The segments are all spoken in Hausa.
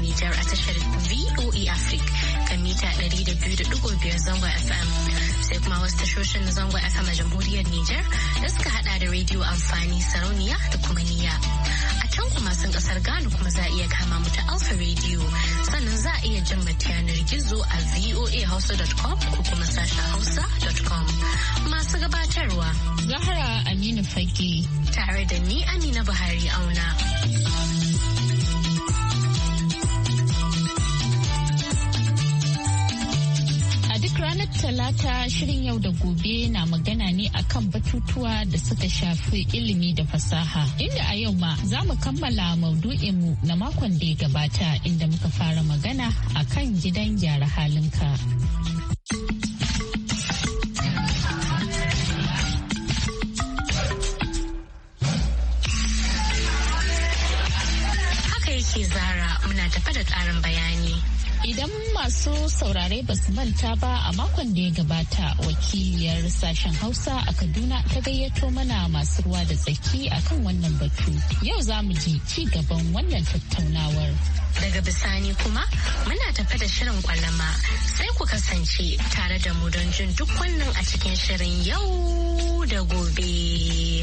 Nijar a tashar VOA e Africa kan mita 200.5 zangon FM. Sai kuma wasu tashoshin na zangon FM a jamhuriyar Nijar da suka hada da rediyo amfani sarauniya da kuma niya. A can kuma sun kasar Ghana kuma za a iya kama mu ta Alpha Radio sannan za a iya jin yanar gizo a voahausa.com ko kuma sashen hausa.com. Masu gabatarwa. Zahra Aminu Fage. Tare da ni Amina Buhari Auna. ranar Talata shirin yau da gobe na magana ne akan batutuwa da suka shafi ilimi da fasaha. Inda a yau ma za mu kammala maudu'inmu na makon da ya gabata inda muka fara magana akan gidan gyara halinka. Haka yake zara muna tafa da tsarin bayani. Idan masu saurare ba su manta ba a makon da ya gabata wakiliyar sashen Hausa a Kaduna ta gayyato mana masu ruwa da tsaki a kan wannan batu. Yau za mu ji ci gaban wannan tattaunawar. Daga bisani kuma muna tafe da shirin kwalama sai ku kasance tare da mu don jin duk wannan a cikin shirin yau da gobe.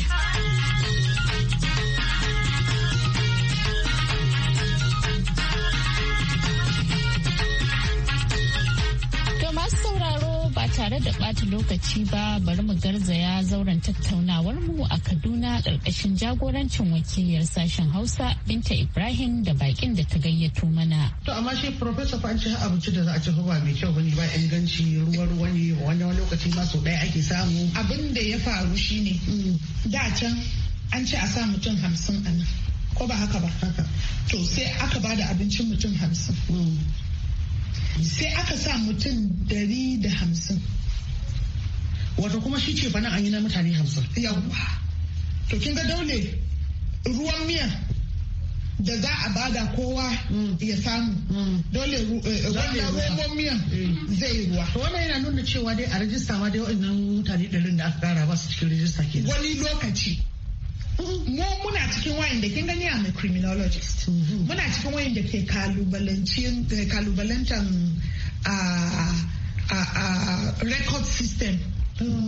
tare da ɓata lokaci ba bari mu garzaya zauren tattaunawar mu a Kaduna ƙarƙashin jagorancin wakiliyar sashen Hausa Binta Ibrahim da bakin da ta gayyato mana. To amma shi Professor fa an ci abinci da za a ci ba mai kyau bane ba inganci ruwa ruwa ne wani wani lokaci ma so ɗaya ake samu. Abin da ya faru shine da can an ce a sa mutum hamsin a nan. Ko ba haka ba? Haka. To sai aka ba da abincin mutum hamsin. Hmm. sai aka sa mutum dari da hamsin wato kuma shi ce fana an yi na mutane hamsin yawwa to kin ga daule ruwan miya da za a bada kowa mm. ya samu mm. dole eh, eh, ruwan miyan mm. zai yi ruwa. wannan yana nuna cewa dai a rajista ma dai wa'annan mutane ɗarin da aka kara ba su cikin rajista ke wani lokaci mu muna cikin wayanda kin gani a mai criminologist mhm. muna cikin wayanda ke kalubalantan a record system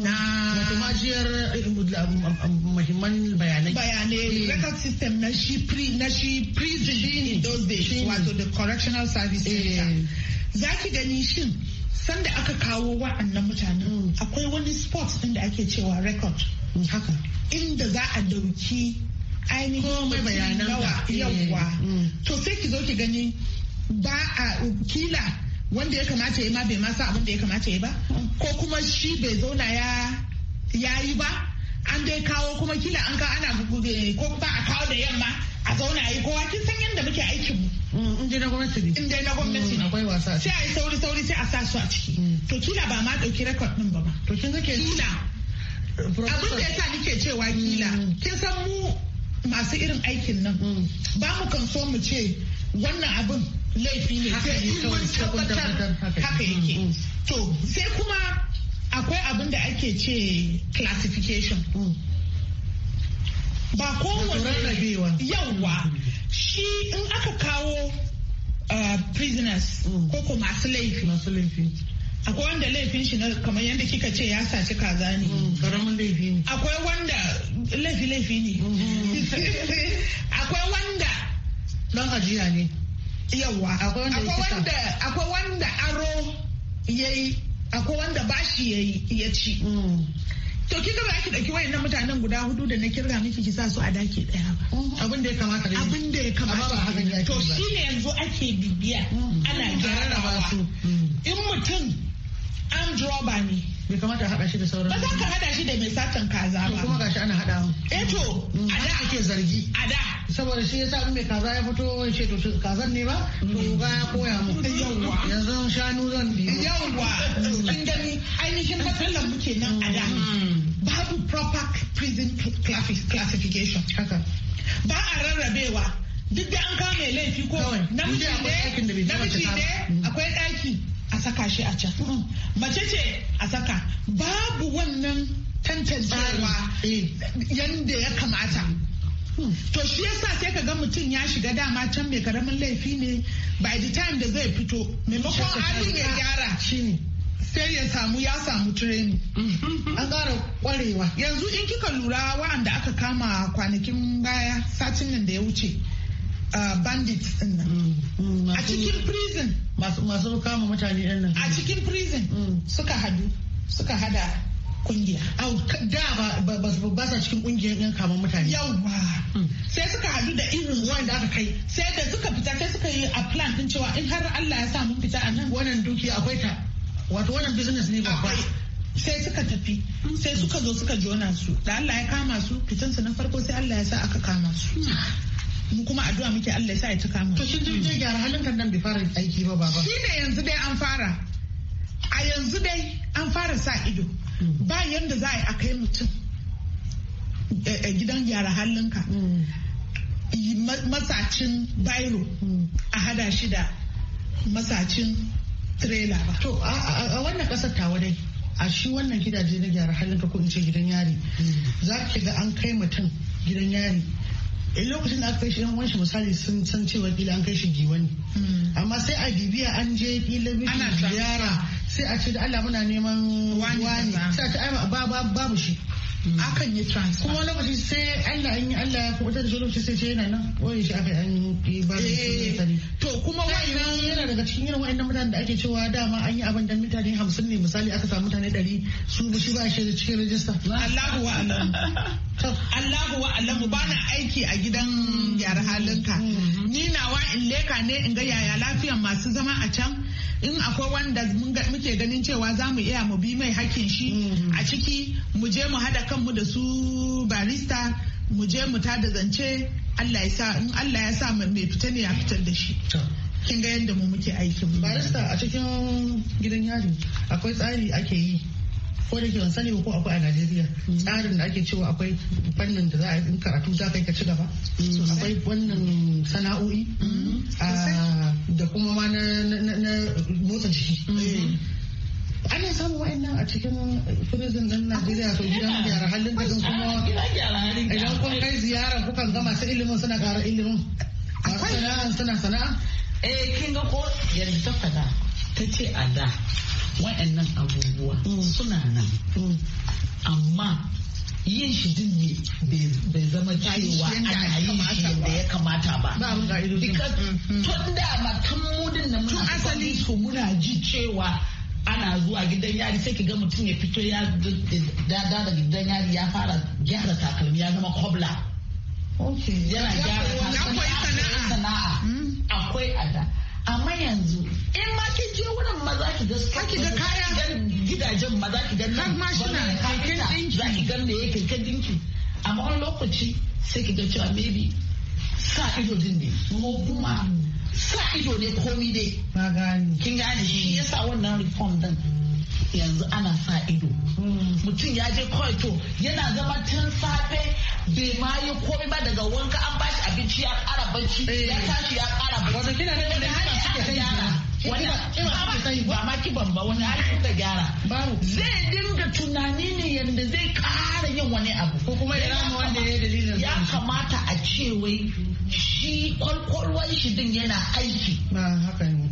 na majiyar um, um, muhimman bayanai bayanai record system na shi pri na shi prison in those days wato the correctional service center eh. zaki gani shin sanda aka kawo wa'annan mutanen mm. akwai wani sport inda ake cewa record haka inda za a dauki ainihin bayanan gawa yawwa eh, eh, eh. to sai ki zo ki gani ba a kila wanda ya kamata ya ma bai masa abin da ya kamata ya ba ko kuma shi bai zauna ya yi ba an dai kawo kuma kila an ka ana ko ba a kawo da yamma a zauna yi kowa kin san yadda muke aikin mu mm, in dai na gwamnati ne in dai na gwamnati mm, ne akwai wasa sai a yi sauri sauri sai a sa su a ciki mm. to kila ba ma dauki rekod din ba ba to kin ga kila abin da ya sa nike cewa kila mm. kin san mu masu irin aikin nan mm. ba mu kan so mu ce wannan abin laifi ne sai mun tabbatar haka yake mm, to sai kuma akwai abin da ake ce classification ba kowane yawwa shi in aka kawo uh, prisoners ko ko masu laifi akwai wanda laifin shi kamar yadda kika ce ya saci kaza ne mm, karamin laifi ne akwai wanda laifi laifi ne mm. akwai wanda don ajiya ne yawa akwai wanda aro ya yi akwai wanda bashi ya yi ya ci mm. to kika ba ki dauki wayannan mutanen guda hudu da na kirga miki ki sa su a daki daya ba abin da ya kamata ne abin da ya kamata ba hakan ya to shine yanzu ake bibiya ana gyara su in mutum draw robber ne bai kamata haɗa shi da sauran ba za ka haɗa shi da mai satan kaza ba kuma gashi ana haɗa eh to mm, a da ake zargi a da saboda shi yasa mai kaza ya fito ya ce to kazan ne ba to ga mm. ya koya mu yanzu shanu zan bi yawwa kin gani ainihin matsalar muke nan a da mm. babu proper prison classification haka ba a rarrabewa duk da an kame laifi ko namiji ne mm. akwai daki a saka shi a can mm. mace ce a saka babu wannan tantancewa eh. yadda ya kamata mm. to shi yasa sai ka ga mutum ya shiga dama can mai karamin laifi ne by the time da zai fito maimakon halin ya gyara sai ya samu ya samu training mm-hmm. an ƙara kwarewa yanzu in kika lura wa'anda aka kama kwanakin baya satin nan da ya wuce bandits mm, mm, a cikin prison masu kama mutane din nan a cikin prison mm. suka hadu suka hada kungiya da ba ba sa cikin kungiyar yan kama mutane yawwa sai suka hadu da irin wanda aka kai sai da suka fita sai suka yi a plan din cewa in har Allah ya sa mun fita a nan wannan dukiya akwai ta wato wannan business ne babba sai suka tafi sai suka zo suka jona su da Allah ya kama su fitansu na farko sai Allah ya sa aka kama su mu kuma addu'a muke Allah ya sa ya cika mu to kin je gyara halin kan nan bai fara aiki ba baba shine yanzu dai an fara a yanzu dai an fara sa ido ba yanda za a yi a kai mutum eh, eh, gidan gyara halinka masacin bairo a hada shi da masacin trailer ba. To a wannan kasar tawa dai a shi wannan gidaje na gyara halin ka ko in ce gidan yari za ki ga an kai mutum gidan yari in lokacin da aka kai shi yan wanshi misali sun san cewa kila an kai shi giwani hmm. amma sai a gibiya an je kila ana ziyara sai a ce da Allah muna neman wani sai a ce ba babu shi hmm. akan yi transfer kuma lokaci sai Allah an yi Allah ya kubuta da lokaci sai ce yana nan wani shi aka an yi ba eh, to kuma wannan yana daga cikin irin wa'annan mutanen da ake cewa dama an yi abin da mutane 50 ne misali aka samu mutane 100 su ba shi ba shi cikin rajista Allahu wa'ala. Allahu wa Allahu bana aiki a gidan gyara halinka. Mm-hmm. Ni nawa in leka ne in ga yaya lafiyan masu zama a can in akwai wanda muke ganin cewa za mu iya mu bi mai hakkin shi mm-hmm. a ciki mu je mu haɗa kanmu da su barista mu je mu tada zance Allah ya sa in Allah ya sa mai fita ne ya fitar da shi. Kin ga yadda mu muke aikin. Barista a cikin gidan yari akwai tsari ake yi ko da ke ban sani ko akwai a Najeriya tsarin da ake cewa akwai fannin da za a yi karatu za ka yi ka ci gaba akwai wannan sana'o'i mm-hmm. ah, da kuma ma na motsa jiki ana wa'in wa'annan a cikin prison din Najeriya to gidan gyara halin da kuma idan kun kai ziyara kukan ga masu ilimin suna kara ilimin masu sana'a suna sana'a eh kin ga ko yanzu ta fada ta ce a da wa'annan abubuwa mm. suna nan mm. amma yin shi din ne bai zama cewa ana yi shi da ya kamata ba. Ba mu ka'idodin. Mm, tun da ma mudin na muna asali su muna ji cewa ana zuwa gidan yari sai ki ga mutum ya fito ya dada da gidan yari ya fara gyara takalmi ya zama kobla. Yana gyara takalmi ya sana'a. Akwai ada. amma yanzu in ma kin je wurin ma za ki ga ki ga kayan gidajen ma za ki ga nan mashina shi na dinki za ki ga me yake kan dinki amma wani lokaci sai ki ga cewa maybe sa ido din ne mu kuma sa ido ne komi dai kin gane shi yasa wannan reform din yanzu ana sa ido mutum ya je kawai to yana zama tun safe bai ma yi komai ba daga wanka an bashi abinci ya kara bacci ya eh. tashi ya kara bacci kina ne da suke wani ba ma kiban ba wani hali da gyara zai dinga tunani ne yadda zai kara yin wani abu ko kuma ya rama wanda ya dalilin ya kamata a ce wai shi kwalkwalwar shi din yana aiki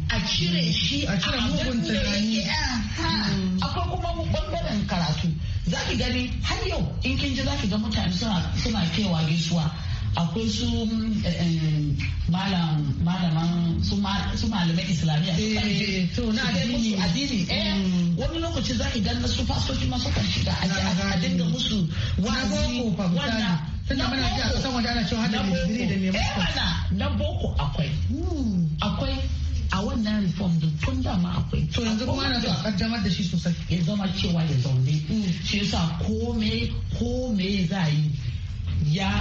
a cire shi a cire mugun tunani eh, mm. akwai kuma bangaren karatu za ki gani har yau in kin ji za ki ga mutane suna kewa gaisuwa akwai su eh, eh, malaman su malamai islamiyya su eh, na dai musu addini eh wani lokaci za idan na su fasoci masu kan shiga a dinga musu wa'azi wannan tunda muna ji a kasan wanda ana cewa hada mai digiri da mai mutu na boko akwai hmm. akwai a wannan reform din tun dama akwai to yanzu kuma ana so a kaddamar da shi sosai ya zama cewa ya zaune hmm. shi yasa kome kome za yi ya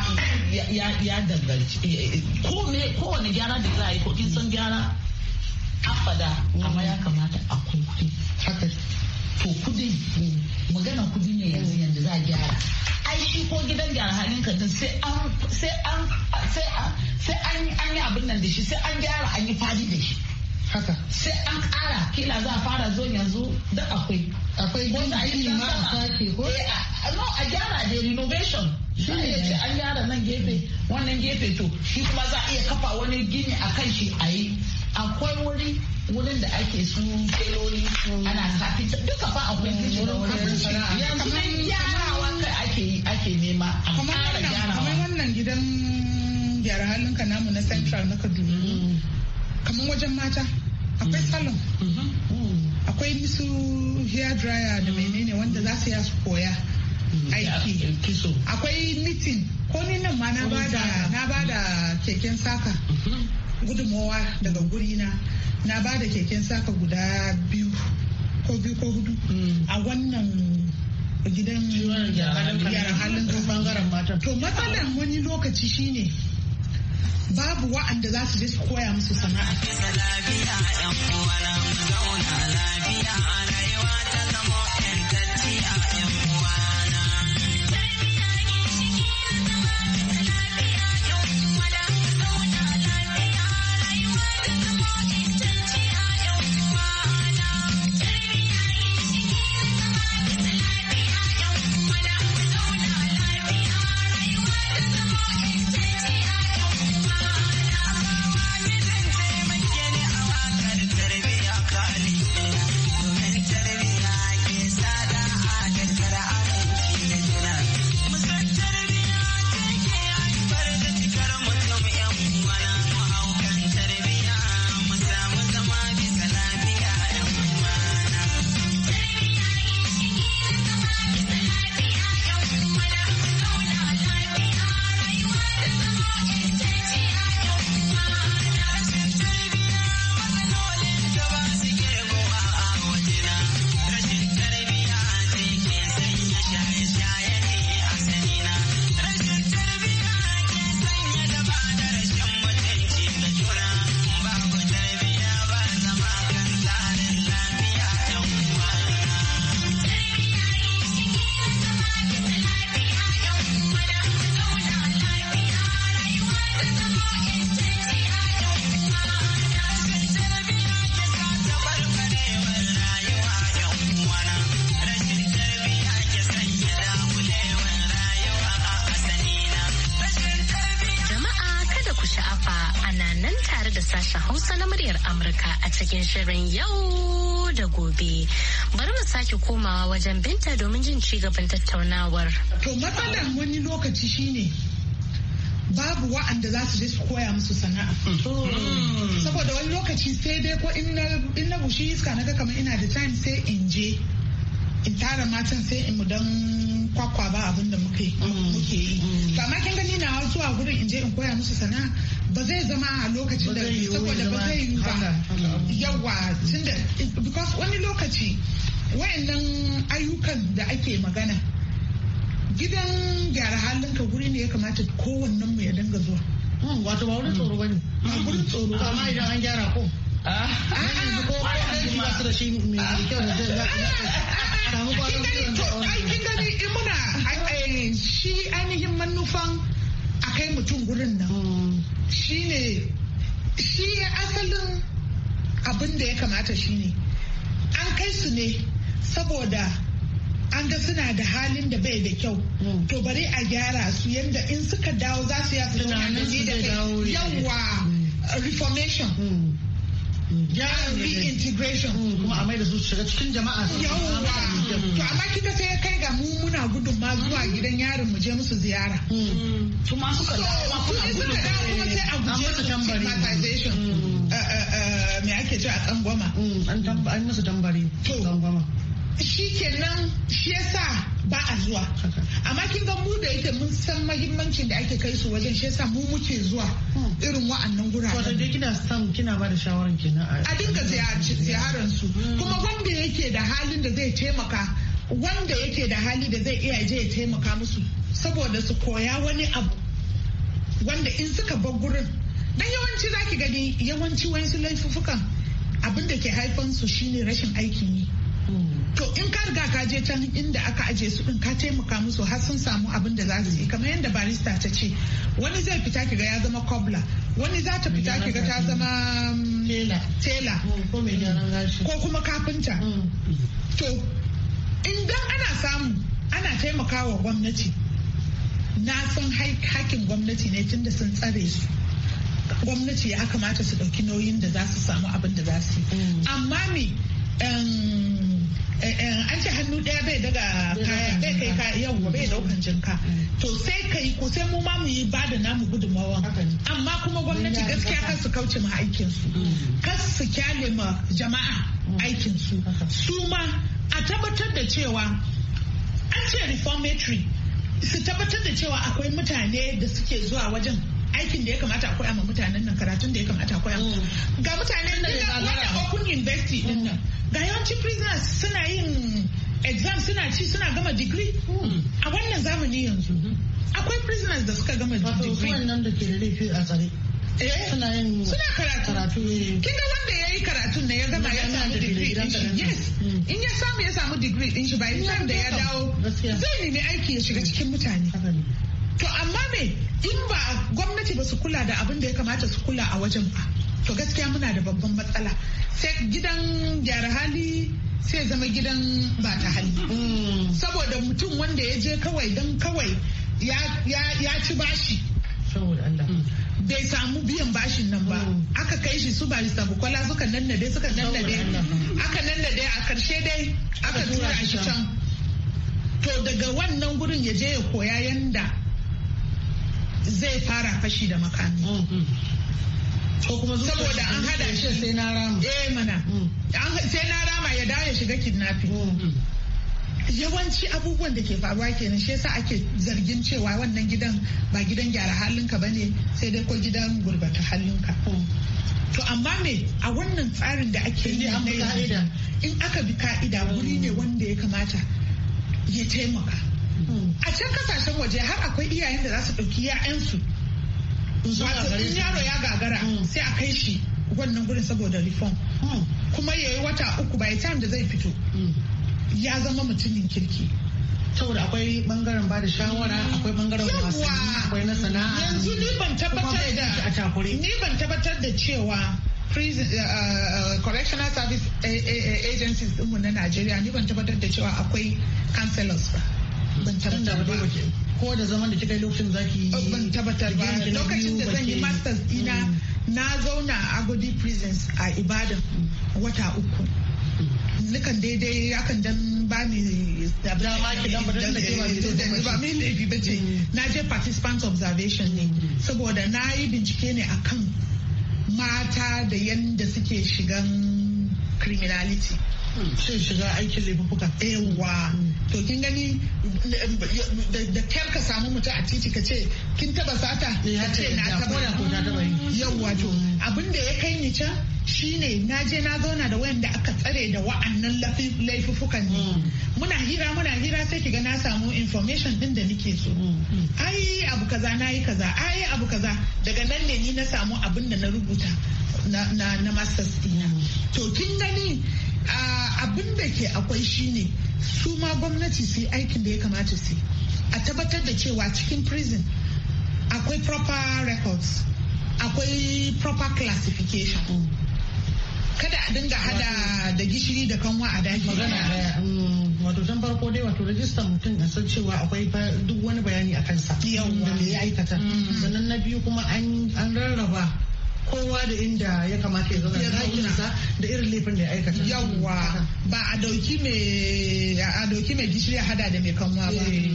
danganci eh, eh, eh, kowane gyara da za a yi ko kin san gyara afada amma ya kamata a kuɗi haka to kudi magana kudi ne yanzu yanzu za a gyara ai shi ko gidan gyara halin ka sai an sai an sai an yi abin nan da shi sai an gyara an yi fadi da shi haka sai an ƙara kila za a fara zo yanzu da akwai akwai gini ma a sake ko eh, a gyara da renovation shi ne an gyara nan gefe wannan gefe to shi kuma za a iya kafa wani gini a kan shi a yi akwai wuri wurin da ake su keloli mm. ana kafinta duka fa akwai kishi da wurin sana'a yanzu nan gyarawa kai ake yi ake nema a gyarawa kamar wannan gidan gyara halinka namu na central na kaduna kamar wajen mata akwai mm-hmm. salon mm-hmm. akwai nisu hair dryer da menene wanda za su ya su koya mm-hmm. aiki akwai mitin ko ni nan ma na ba da keken saka gudunmowa daga gurina na bada keken saka guda biyu ko biyu ko hudu mm. a wannan gidan yaran halin bangaren mata to matsalar wani lokaci shine babu wa'anda za su je su koya musu sana'a. lafiya nan tare da sashen Hausa na muryar Amurka a cikin shirin yau da gobe. Bari mu sake komawa wajen binta domin jin ci gaban tattaunawar. To matsalar wani lokaci shine babu wa'anda za su je su koya musu sana'a. Hmm. Saboda wani lokaci sai dai ko in na bushi iska na ga kamar ina da time sai in je in tara matan sai in mu dan kwakwa ba abin da muke yi. kama hmm. kin gani na zuwa gurin in je in koya musu sana'a ba zai zama a lokacin da saboda ba zai yi ba yawa tunda because wani lokaci wayannan ayyukan da ake magana gidan gyara halin ka guri ne ya kamata kowanne mu ya dinga zuwa wato ba wurin tsoro bane ba wurin tsoro amma idan an gyara ko Kin gani in muna shi ainihin manufan mutum gurin nan ne shi asalin abin da ya kamata shi ne an kai su ne saboda an ga suna da halin da bai da kyau mm. to bari a gyara su yadda in suka dawo za su yasu tunanin da kai yawa mm. reformation mm. reintegration mm. kuma a maida su shiga cikin jama'a su yawwa to amma kika sai kai ga mu muna gudun ma zuwa mm. gidan yarin mu je musu ziyara mm. su ma suka dawo kuma sai a guje su stigmatization eh, eh, eh, me ake ce a tsangwama an musu tambari tsangwama shi kenan shi yasa ba a zuwa amma kin ga mu da yake mun san mahimmancin da ake kai su wajen shi yasa mu muke zuwa hmm. irin wa'annan guraren wato dai kina san kina ba da shawaran kenan a dinga ziyaran su hmm. kuma wanda yake da halin da zai taimaka wanda yake da hali da zai iya je ya taimaka musu saboda su koya wani abu wanda in suka bar gurin dan yawanci zaki gani yawanci wayansu laifuffukan abin da ke haifansu shine rashin aikin yi to in ka riga ka je can inda aka aje su din ka taimaka musu har sun samu abin da za su yi kamar yadda barista ta ce wani zai fita kiga ya zama cobbler wani za ta fita kiga ta zama tela mm. ko kuma kafinta mm. to idan ana samu ana taimakawa gwamnati na san hakin gwamnati ne tunda sun tsare su gwamnati ya kamata su ɗauki nauyin da za su samu abin da za su yi mm. amma me Eh, eh, an ce hannu ɗaya bai daga kaya bai kai ka yawwa bai daukan jinka to sai kai ko sai mu ma mu yi ba da namu gudunmawan amma kuma gwamnati gaskiya kan su kauce ma aikin su mm. kan su kyale ma jama'a mm. aikin su su ma a tabbatar da cewa an ce reformatory su tabbatar da cewa akwai mutane da suke zuwa wajen aikin da ya kamata a koya ma mutanen nan karatun da ya kamata a koya mm. ga mutanen nan wanda open university din mm. nan ga yawancin prisoners suna yin exam suna ci suna gama degree mm. a wannan zamani yanzu mm-hmm. akwai prisoners da suka gama wato wannan da ke da laifi a tsare eh, suna yin karatu eh. kin ga wanda ya yi karatun na ya gama ya samu degree din yes in ya samu ya samu degree din shi ba ya da ya dawo zai nemi aiki ya shiga cikin mutane to amma me in ba gwamnati ba su kula da abin da ya kamata su kula a wajen ba to gaskiya muna da babban matsala sai gidan gyara hali sai zama gidan ba ta hali mm. saboda mutum wanda ya je kawai don kawai ya ci bashi mm. bai samu biyan bashin nan ba mm. aka kai shi su sabu kwala suka nannade suka nannade aka nannade a karshe dai aka tura shi can to daga wannan gurin ya je ya koya yanda zai fara fashi da makami mm, mm. ko kuma saboda an hada shi sai na rama eh mana mm. sai na rama ya dawo ya shiga kidnapping yawanci abubuwan da ke faruwa kenan shi yasa ake zargin cewa wannan gidan ba gidan gyara halinka ba ne sai dai ko gidan gurbata halinka to amma me a wannan tsarin da ake yi in aka bi ka'ida wuri ne wanda ya kamata ya taimaka a can kasashen waje har akwai iyayen da za su ɗauki 'ya'yansu in yaro ya gagara hmm. sai a kai shi wannan gurin saboda reform hmm. kuma ya yi wata uku bai time da zai fito hmm. ya zama mutumin kirki saboda akwai bangaren ba da shawara akwai bangaren wasanni akwai na sana'a yanzu ni ban tabbatar da ni ban da cewa uh, uh, correctional service eh, eh, eh, agencies mu na Najeriya ni ban tabbatar da cewa akwai counselors ba ban tabbata ba ko da zaman da kika yi lokacin zaki ban tabbatar ba lokacin da zan yi masters ina mm. na zauna a agodi prisons a ibadan wata uku nukan daidai akan dan ba ni da ma ki dan ba dan da ba mi eh, laifi ba ce mm. na je participant observation ne mm. saboda na yi bincike ne akan mata da yanda suke shigan criminality sai shiga aikin laifuka yawa to kin gani da kyar ka samu mutum a titi ka ce kin taba sata eh, ka ce na taba yawa to abinda da ya kai ni can shine na je na zauna da wayanda aka tsare da wa'annan laifufukan ne mm. muna hira muna hira sai kiga na samu information din da nake so mm, mm. ai abu kaza na yi kaza ai abu kaza daga nan ne ni na samu abinda da na rubuta na masters dina to kin gani abin da ke akwai shine su ma gwamnati su yi aikin da ya kamata su a tabbatar da cewa cikin prison akwai proper records akwai proper classification mm. kada a dinga hada da gishiri da kanwa a daji mm, wato tun farko dai wato rajistar mutum a san cewa akwai duk wani bayani a kansa da aikata mm. sannan na biyu kuma an rarraba kowa da inda ya kamata ya zauna da irin laifin da ya aikata yawwa ba a dauki mai a dauki mai gishiri a hada da mai kanwa ba eh.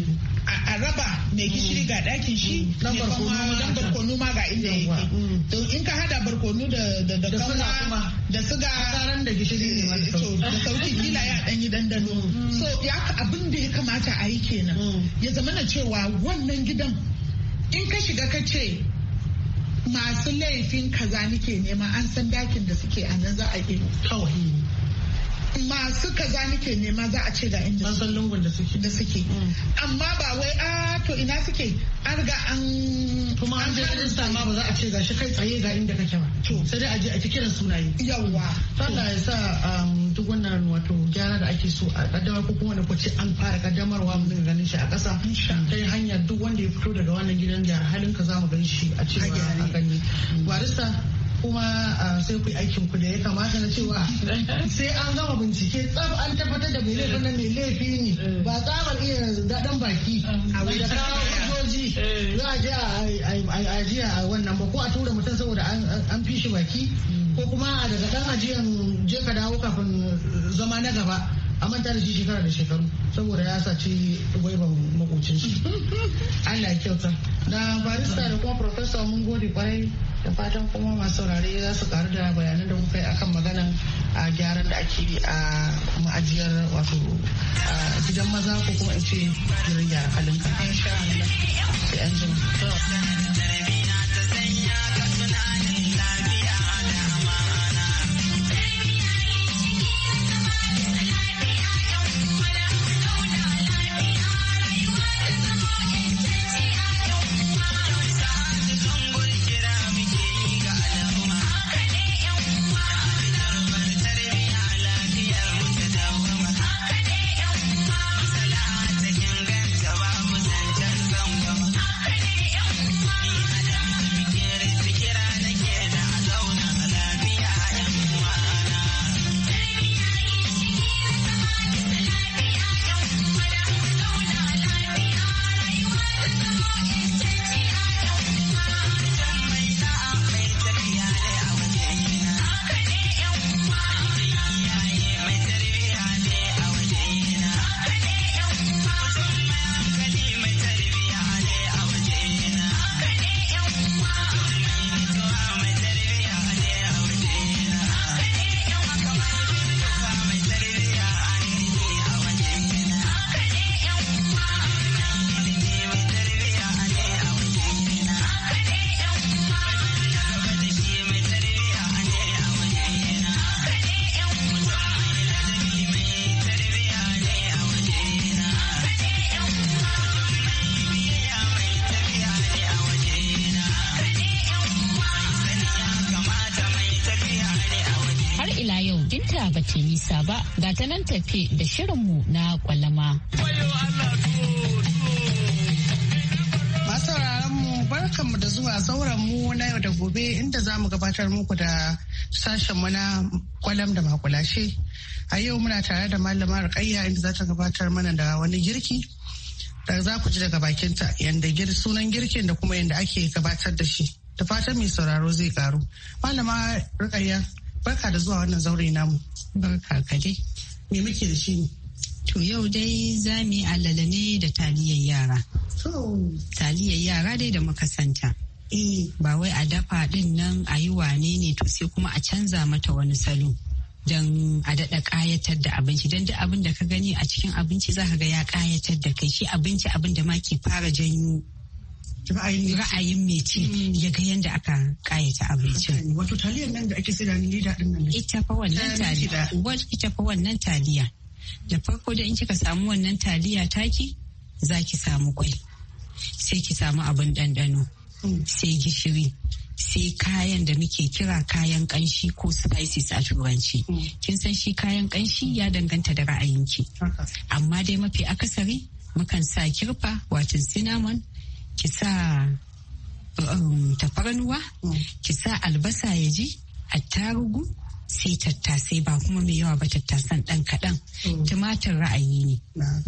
a raba mai gishiri mm. ga dakin shi mm. dan barkonu ma ga inda yake mm. to in ka hada barkonu da da da kanwa da suga karan da gishiri ne ma da eh, sauki kila ya dan yi dandano so ya abin da ya kamata a yi kenan ya zama na cewa wannan gidan in ka shiga ka ce masu laifin kaza nake nema an san dakin da suke a nan za a yi kawai masu kaza nake nema za a ce ga inda san lungun da suke da suke mm. amma ba wai a to ina suke an riga an kuma an je rajista ma ba za a ce ga shi kai tsaye ga inda kake ba to sai dai a je a ci kiran sunaye yawa Allah ya sa um, duk wannan wato gyara da ake so a kaddamar ko kuma ko ce an fara kaddamarwa mun ganin shi a ƙasa ta hanyar duk wanda ya fito daga wannan gidan gyara halin ka za mu gan shi a cewa a gani mm. barista kuma ah, sai ku aikin ku da ya kamata na cewa sai an gama bincike tsab an tabbatar da mai laifin nan mai laifi ne ba tsabar iya daɗin baki a da kawo za a je a ajiya wannan ba ko a tura mutum saboda an fi shi baki ko kuma a daga ɗan ajiyan je ka dawo kafin zama na gaba a manta da shi shekara da shekaru saboda ya saci gwaiban makocin shi Allah ya kyauta na barista da kuma professor mun gode kwarai da fatan kuma masu saurare za su karu da bayanan da kuka yi akan maganan a gyaran da ake yi a ma'ajiyar wato gidan maza ko kuma in ce gidan gyara kalinka. Insha Allah. Sai an jima. tafiya ba ta nisa ba ga ta nan tafe da shirinmu na kwalama. mu da zuwa zauren mu na yau da gobe inda za mu gabatar muku da sashen mu na kwalam da makulashe. A yau muna tare da malama Rukayya inda za ta gabatar mana da wani girki da za ku ji daga bakinta yadda sunan girkin da kuma yadda ake gabatar da shi. Da fatan mai sauraro zai karu. Malama Rukayya barka da zuwa wannan zaure namu. barka ka dai. Me muke da shi ne? To yau dai za mu yi alala ne da taliyar yara. Taliyar yara dai da makasanta santa. Eh. Ba wai a dafa ɗin nan a yi wane ne to sai kuma a canza mata wani salo. don a daɗa ƙayatar da abinci don duk abin da ka gani a cikin abinci za ka ga ya ƙayatar da kai shi abinci abin da ma ke fara janyo ra'ayin mai ci mm. ya ga yadda aka kayata abincin. Wato taliyar nan da ake sai da leda din nan. Ita fa wannan eh, taliya. Ita fa wannan taliya. Da farko da in kika samu wannan taliya taki za ki samu kwai. Sai ki samu abin ɗanɗano. Mm. Sai gishiri. sai kayan da muke kira kayan kanshi ko spices a turanci. Mm. Kin san shi kayan kanshi ya danganta da ra'ayinki. Amma dai mafi akasari mukan sa kirfa wato cinnamon Kisa sa um, tafarnuwa mm. ki sa albasa ya ji attarugu sai tattasai ba kuma mai yawa ba tattasan ɗan kaɗan. Mm. Tumatir ra'ayi ne.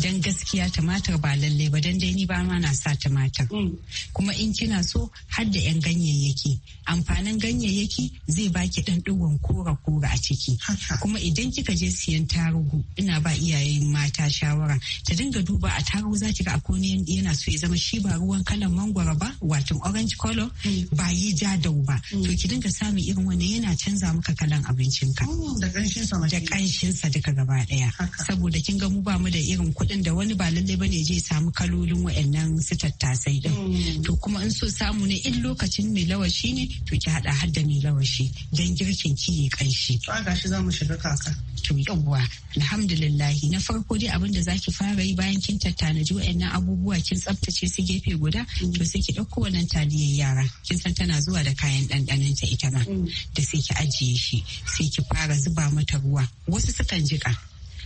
Don gaskiya tumatir ba lalle ba don dai ba ma na sa tumatir. Mm. Kuma in kina so har da 'yan ganyayyaki. Amfanin ganyayyaki zai baki ɗan ɗigon kora-kora a ciki. Kuma idan kika je siyan tarugu ina ba iyayen mata shawara ta dinga duba a tarugu za ki ga akwai yana so ya zama shi ba ruwan kalan mangwaro ba wato orange color mm. ba yi ja dau ba. To ki dinga samun irin wannan yana canza maka kalan abinci. abincinka. Oh, da ƙanshinsa sa duka gaba ɗaya. Saboda kin ga mu ba mu da irin kuɗin da wani ba lalle bane je samu kalolin waɗannan su tattasai din. Mm. To kuma in so samu ne in lokacin mai lawashi ne to ki haɗa har da mai lawashi dan girkin ki yi ƙanshi. To ga shi zamu shiga kaka. To yawwa alhamdulillahi na farko dai abin da zaki fara yi bayan kin tattanaji waɗannan abubuwa kin tsaftace su gefe guda mm. to sai ki ɗauko wannan taliyar yara kin san tana zuwa da kayan ɗanɗanonta ita ma mm. da sai ki ajiye shi sai ki fara zuba mata ruwa wasu sukan jika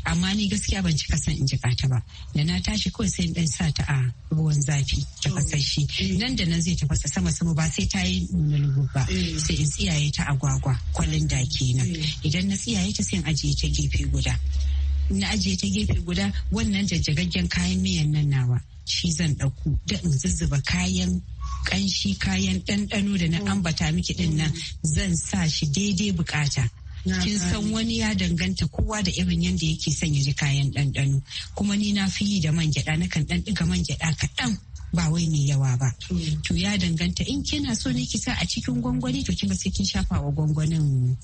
amma ni gaskiya ban cika san in jika ta ba da na tashi kawai sai in dan sa ta a ruwan zafi ta kasashe mm. nan da nan zai tafasa sama sama ba sai ta yi nulgu ba mm. sai in tsiyaye ta agwagwa kwalin da kenan mm. idan na tsiyaye ta sai in ajiye ta gefe guda na ajiye ta gefe guda wannan jajjagaggen kayan miyan nan nawa shi zan ɗauko da in zuzzuba kayan kanshi kayan ɗanɗano da na ambata miki ɗin nan zan sa shi daidai bukata kin san wani ya danganta kowa da irin yadda yake son ya kayan ɗanɗano kuma ni na fi yi da man gyaɗa na kan ɗan ɗiga man gyaɗa kaɗan ba wai mai yawa ba mm. to ya danganta in kina so ne ki a cikin gwangwani to kinga sai kin shafa wa gwangwanin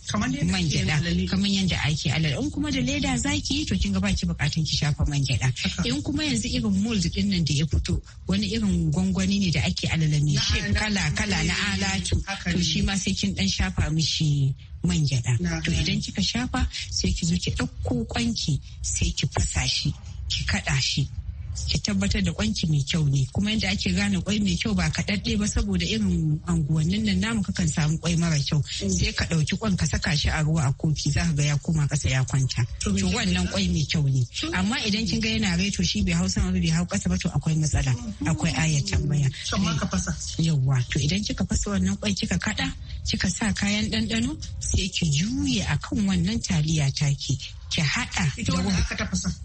man gyada kamar yadda ake alal in kuma da leda zaki to kinga ki bukatan ki shafa man gyada in kuma yanzu irin mold din nan da ya fito wani irin gwangwani ne da ake alala ne kala kala na alatu to shi ma sai kin dan shafa mishi man gyada to idan kika shafa sai ki zo ki ɗauko kwanki sai ki fasa shi ki kaɗa shi ki tabbatar da kwanki mai kyau ne kuma yadda ake gane kwai mai kyau ba kaɗaɗɗe ba saboda irin anguwannin nan namu kakan samu kwai mara kyau mm. sai ka ɗauki kwan ka saka shi a ruwa a kofi za ka ga ya koma kasa ya kwanta to wannan kwai mai kyau ne amma idan kin ga yana reto shi bai hau sama bai hau kasa ba to akwai matsala mm-hmm. akwai ayar tambaya yawwa to idan kika fasa wannan kwai kika kaɗa kika sa kayan ɗanɗano sai ki juye akan wannan taliya taki ki haɗa ita wanda aka tafasa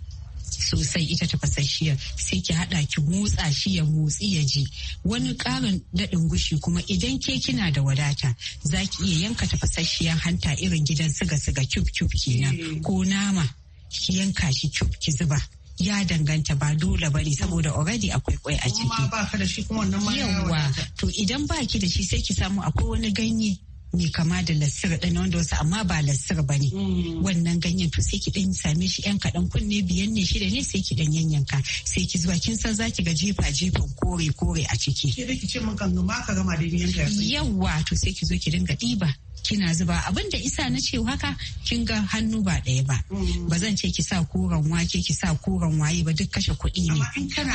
sosai ita tafasasshiyar sai ki haɗa ki motsa shi ya motsi ya ji wani ƙarin daɗin gushi kuma idan ke kina da wadata za ki iya yanka tafasasshiyar hanta irin gidan siga siga cub cub kenan ko nama ki yanka shi cub ki zuba ya danganta ba dole ba ne saboda already akwai kwai a ciki. Kuma ba ka da shi kuma wannan yawa. to idan ba ki da shi sai ki samu akwai wani ganye mai kama da lassir ɗin wanda wasu amma ba lassir ba ne mm. wannan ganyen to sai ki ɗan same shi yan kaɗan kunne biyan ne shida ne sai ki ɗan yanyanka sai ki zuwa kin san zaki ga jefa jefan kore kore a ciki. Ke da ki ce min kan gama ka gama da yanka. Yawwa to sai ki zo ki dinga ɗiba kina zuba abin da isa na ce haka kin ga hannu ba ɗaya ba mm. ba zan ce ki sa koren wake ki sa koren waye ba duk kashe kuɗi ne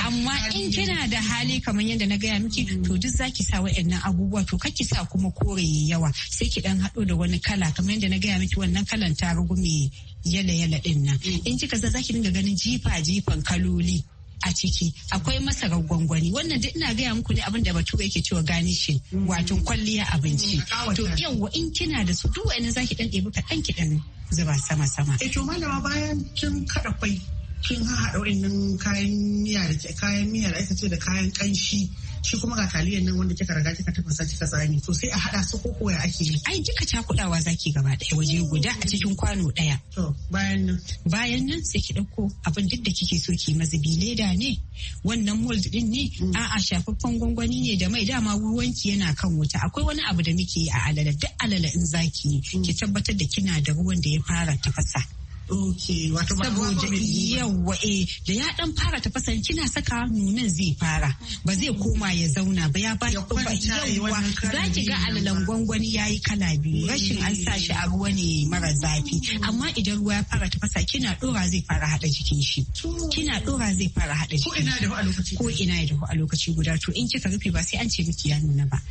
amma in kina da hali kamar yadda na gaya miki to duk zaki sa wa'annan abubuwa to kar ki sa kuma kore yawa sai ki dan haɗo da wani kala kamar yadda na gaya miki wannan kalan tarugume yala yala din nan mm. in ji za zaki dinga ganin jifa jifan kaloli a ciki akwai masarar gwangwani wannan duk ina gaya muku ne abin da batu yake cewa shi mm. wato kwalliya abinci mm, to yawa in kina da su duk wani zaki dan ɗebi kaɗan ki dan zuba sama sama eh to malama bayan kin kada kwai kin haɗa wa'annan kayan miya da kayan miya da aka ce da kayan ƙanshi shi kuma ga taliyan nan wanda kika riga kika tafasa kika tsani to sai a hada su ko koya ake yi ai duka cakudawa zaki gaba daya waje oh. guda a cikin kwano daya to bayan nan bayan nan sai ki dauko abin duk da kike so ki mazubi leda ne wannan mold din ne mm. a'a shafaffen gwangwani ne da mai dama ruwanki yana kan wuta akwai wani abu da muke yi a alala duk alala in zaki mm. ki tabbatar da kina da ruwan da ya fara tafasa Okay, wato saboda yawa eh, da ya dan fara tafasa kina saka nunan zai fara ba zai koma ya zauna ba ya ba yawa za ki ga alalan gwangwani yi kala biyu rashin an sa shi a ruwa ne mara zafi mm. amma idan ruwa ya fara tafasa kina dora zai fara hada jikin shi kina dora zai fara hada jikin ko ina da a lokaci ko ina da a lokaci guda to in kika rufe ba sai an ce miki ya nuna ba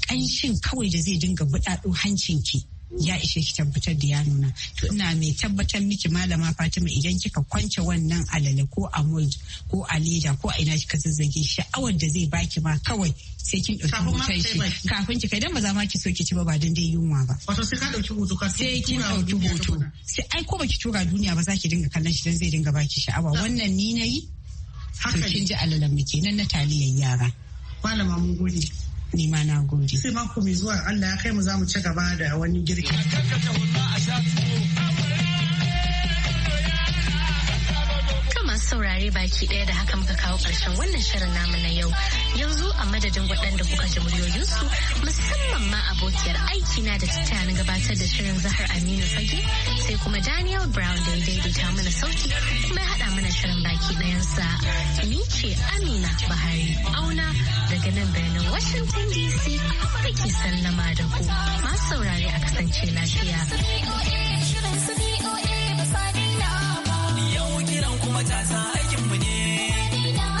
kanshin mm. kawai da zai dinga buɗaɗun hancin ki ya ishe ki tabbatar da ya nuna to ina mai tabbatar miki malama Fatima idan kika kwance wannan alale ko a mold ko a leda ko a ina kika zazzage sha'awar da zai baki ma kawai sai kin dauki hoton shi kafin ki kai dan ba za ma ki so ki ci ba ba dan dai yunwa ba wato sai ka dauki hoto ka sai kin dauki hoto sai ai ko baki tura duniya ba za ki dinga kallon shi dan zai dinga baki sha'awa wannan ni nayi haka kin ji alalan mu kenan na taliyan yara malama mun gode ni ma na gode. Sai mako mai zuwa Allah ya kai mu za mu ci gaba da wani girki. masu saurare baki ɗaya da haka muka kawo ƙarshen wannan shirin namu na yau. Yanzu a madadin waɗanda kuka ji muryoyinsu musamman ma abokiyar aiki na da ta na gabatar da shirin Zahar Aminu Fage sai kuma Daniel Brown da ya daidaita mana sauti kuma ya haɗa mana shirin baki ɗayansa. Ni ce Amina Bahari Auna daga nan birnin Washington DC ake sallama da ku. Masu saurare a kasance lafiya. matasa